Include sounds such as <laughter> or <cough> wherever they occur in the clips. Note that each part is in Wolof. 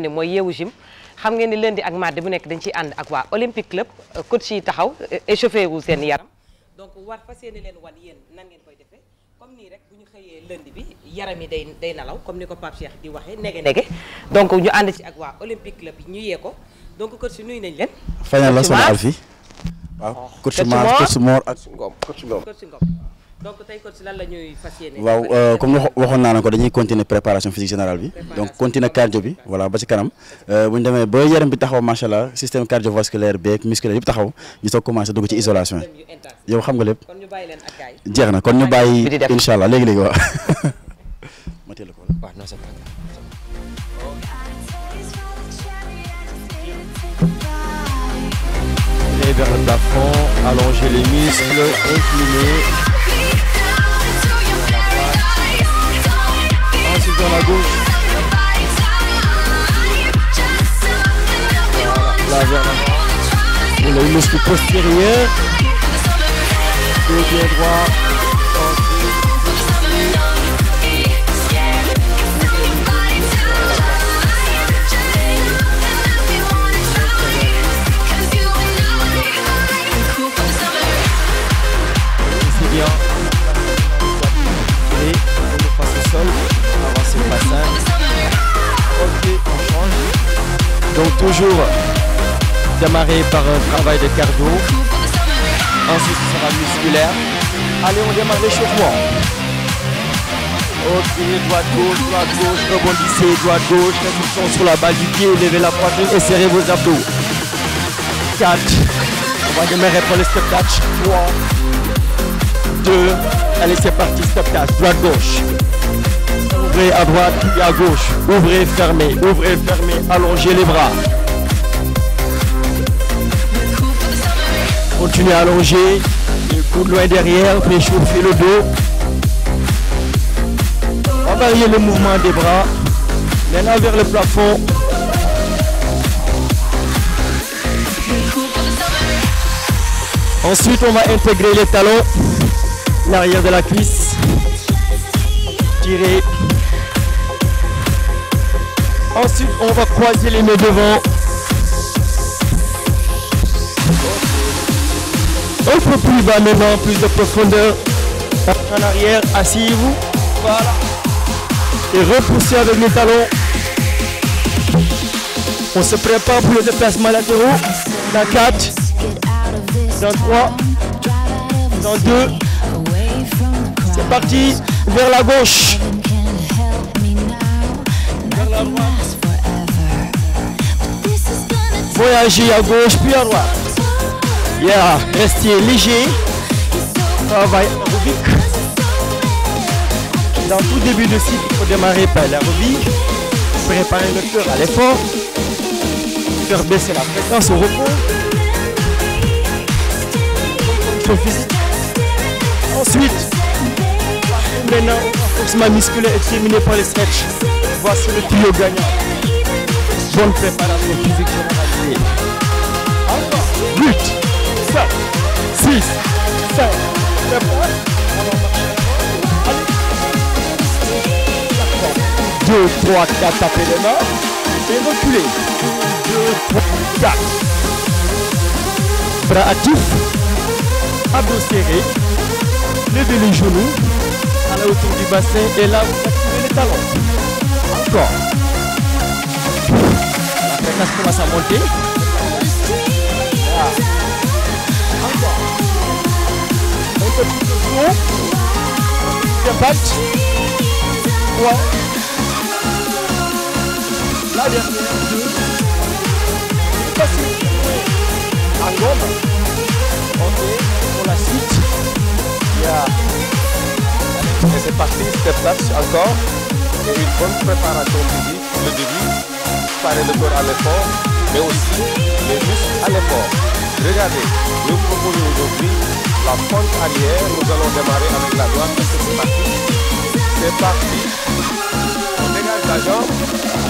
ne mooy yeewu gym xam ngeen ni lundi ak mardi bu nekk dañ ciy ànd ak waa Olympique Club euh, coach yi taxaw euh, échauffé wu seen yaram donc war fas yéene leen wan yéen nan ngeen koy defee comme nii rek bu ñu xëyee lundi bi yaram yi day day nalaw comme ni ko Pape Cheikh di waxee nege nege donc ñu ànd ci ak waa Olympique Club ñu yee ko donc coach yi nuy nañ leen fañal la sama alfi waaw coach Mar coach Mor ak coach Ngom coach Ngom donc lan la waaw euh, comme waxoon naa na ko dañuy continuer préparation physique général bi donc continuer cardio bi voilà ba ci kanam euh, bu ñu demee ba yaram bi taxaw macha allah système cardiovasculaire beeg musculaire yëpp taxaw ñu soog commencé dugg ci isolation yi yow xam nga lépp jeex na kon ñu bàyyi incha allah léegi-léegi waaw <laughs> ko waaw non c'est vers le plafond, allonger les muscles, incliner vers la gauche. Voilà, là, la... On a une muscle Donc toujours démarrer par un travail de cardio. Ensuite, ce sera musculaire. Allez, on démarre l'échauffement. Ok, droite, gauche, droite, gauche, rebondissez, droite, gauche, réflexion sur la balle du pied, levez la poitrine et serrez vos abdos. on va démarrer pour le step catch. droite, gauche. Ouvrez à droite, puis à gauche. Ouvrez, fermez, ouvrez, fermez. Allongez les bras. Continuez à allonger. Le coude loin derrière, puis chauffez le dos. On varie le mouvement des bras. Maintenant vers le plafond. Ensuite, on va intégrer les talons, l'arrière de la cuisse, tirer Ensuite, on va croiser les mains devant. plus de profondeur. En arrière, asseyez-vous. Voilà. Et repoussez avec les talons. On se prépare pour le déplacement latéraux. Dans dans C'est parti, vers la gauche. voyager à gauche puis à droite. Yeah, restez léger. Travail aérobique. Dans tout début de cycle, il faut démarrer par l'aérobique. Préparer le cœur à l'effort. Faire baisser la fréquence au repos. physique. Ensuite, est terminé par les stretch. Voici le trio gagnant. Bonne préparation physique générale. droite, il a tapé les mains et reculé. Deux, quatre. Bras actifs. Abdos serrés. Levez les du bassin et là vous activez les talons. Encore. La fréquence commence à monter. Voilà. Encore. Un peu plus de la dernière de Passy à Ngom. Ok, pour a. Et c'est parti, step encore. Et une bonne préparation le début, préparer le corps à l'effort, mais aussi les muscles à l'effort. Regardez, nous proposons aujourd'hui la pente arrière. Nous allons démarrer avec la droite parce que c'est parti. parti. On dégage la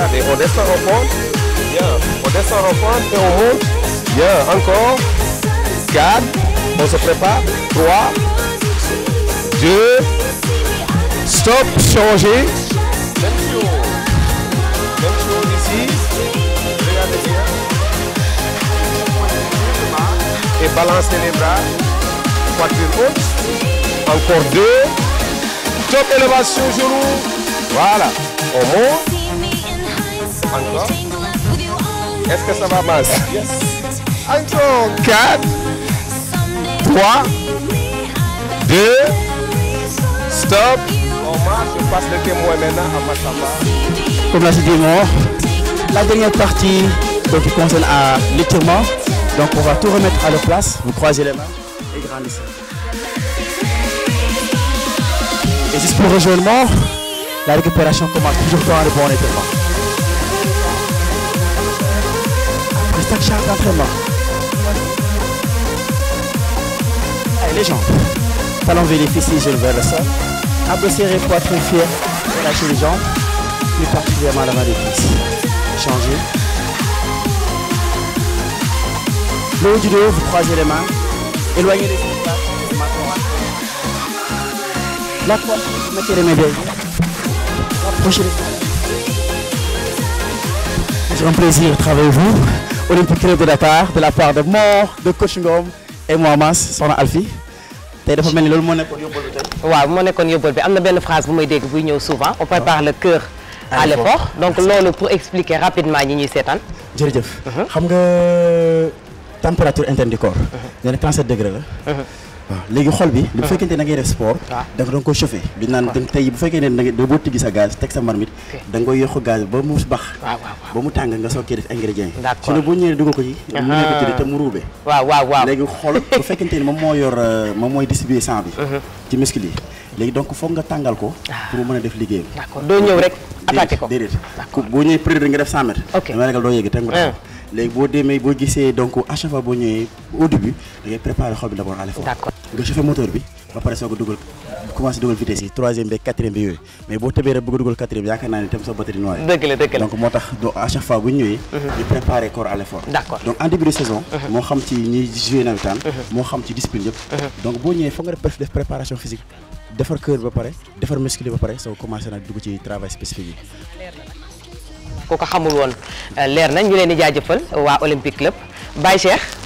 regardez, on descend, on compte. et on monte. Encore. On se prépare. 3. Stop. Changer. Et balancez les bras. Encore deux. Top élévation genou. Voilà. On monte. Encore. Est-ce que ça va, Mas Yes. à Massamba. Comme l'a dit la dernière partie donc, qui concerne à euh, l'étirement. Donc on va tout remettre à leur place. Vous croisez les mains et grandissez. Et juste pour rejoindre, la récupération commence toujours par le bon étirement. chaque char d'entraînement. Allez les gens, talons vers les fessiers, genoux vers sol. Abdos serrés, poitrine fière, relâchez les jambes, plus particulièrement l'avant des cuisses. Changez. Le du dos, vous croisez les mains, éloignez les épaules, plaisir, travaillez-vous. Olympique Club de Dakar de la part de Mor de coach Ngom et Mohamed Soxna Alfi tey dafa mel ni loolu moo nekkoon yóbbal bi tey. waaw moo nekkoon yóbbal bi am na benn phrase bu may dégg buy ñëw souvent on prépare ah. le cœur à ah, l'effort donc loolu pour expliquer rapidement ñi ñuy seetaan. jërëjëf. Mhm. xam nga température interne du corps. nee na 37 degré la. Mhm. waaw léegi xol bi bu fekkente da ngay def sport ah. da nga ko naan ah. da bu fekkee ne da nga boo tiggi sa gaz teg sa marmite da yokk gaz ba mu bax ba mu tàng nga soog cee def ingrédients yi su boo ñëwee dugal ko ci ah. mu nekk ci te mu <laughs> moom moo yor euh, moom mooy distribuer sang bi mhm. ci muscle yi léegi donc foog nga tàngal ko pour mën a def liggéey d'accord doo ñëw rek attaqué ko boo ñëwee prédire nga def 100 mètres dama ragal doo yegg te léegi boo demee boo gisee donc à boo ñëwee au début da ngay préparer xol bi d'abord à l'effort nga chauffé moteur bi ba pare soog a dugal commencé dugal vitesse yi troisième beeg quatrième bi yooyu mais boo tëbee rek bëgg a dugal quatrième yaakaar naa ne itam sa batterie noire dëgg la dëgg la donc moo tax à bu ñëwee mhm. ñu préparé corps à l'effort d'accord donc en début de saison mhm. moo xam ci ñuy joué nawetaan mhm. moo xam ci discipline yëpp donc boo ñëwee foog nga def préparation physique defar cœur ba pare defar muscle ba pare soo commencé na leen di jaajëfal waa Olympique Club Baye Cheikh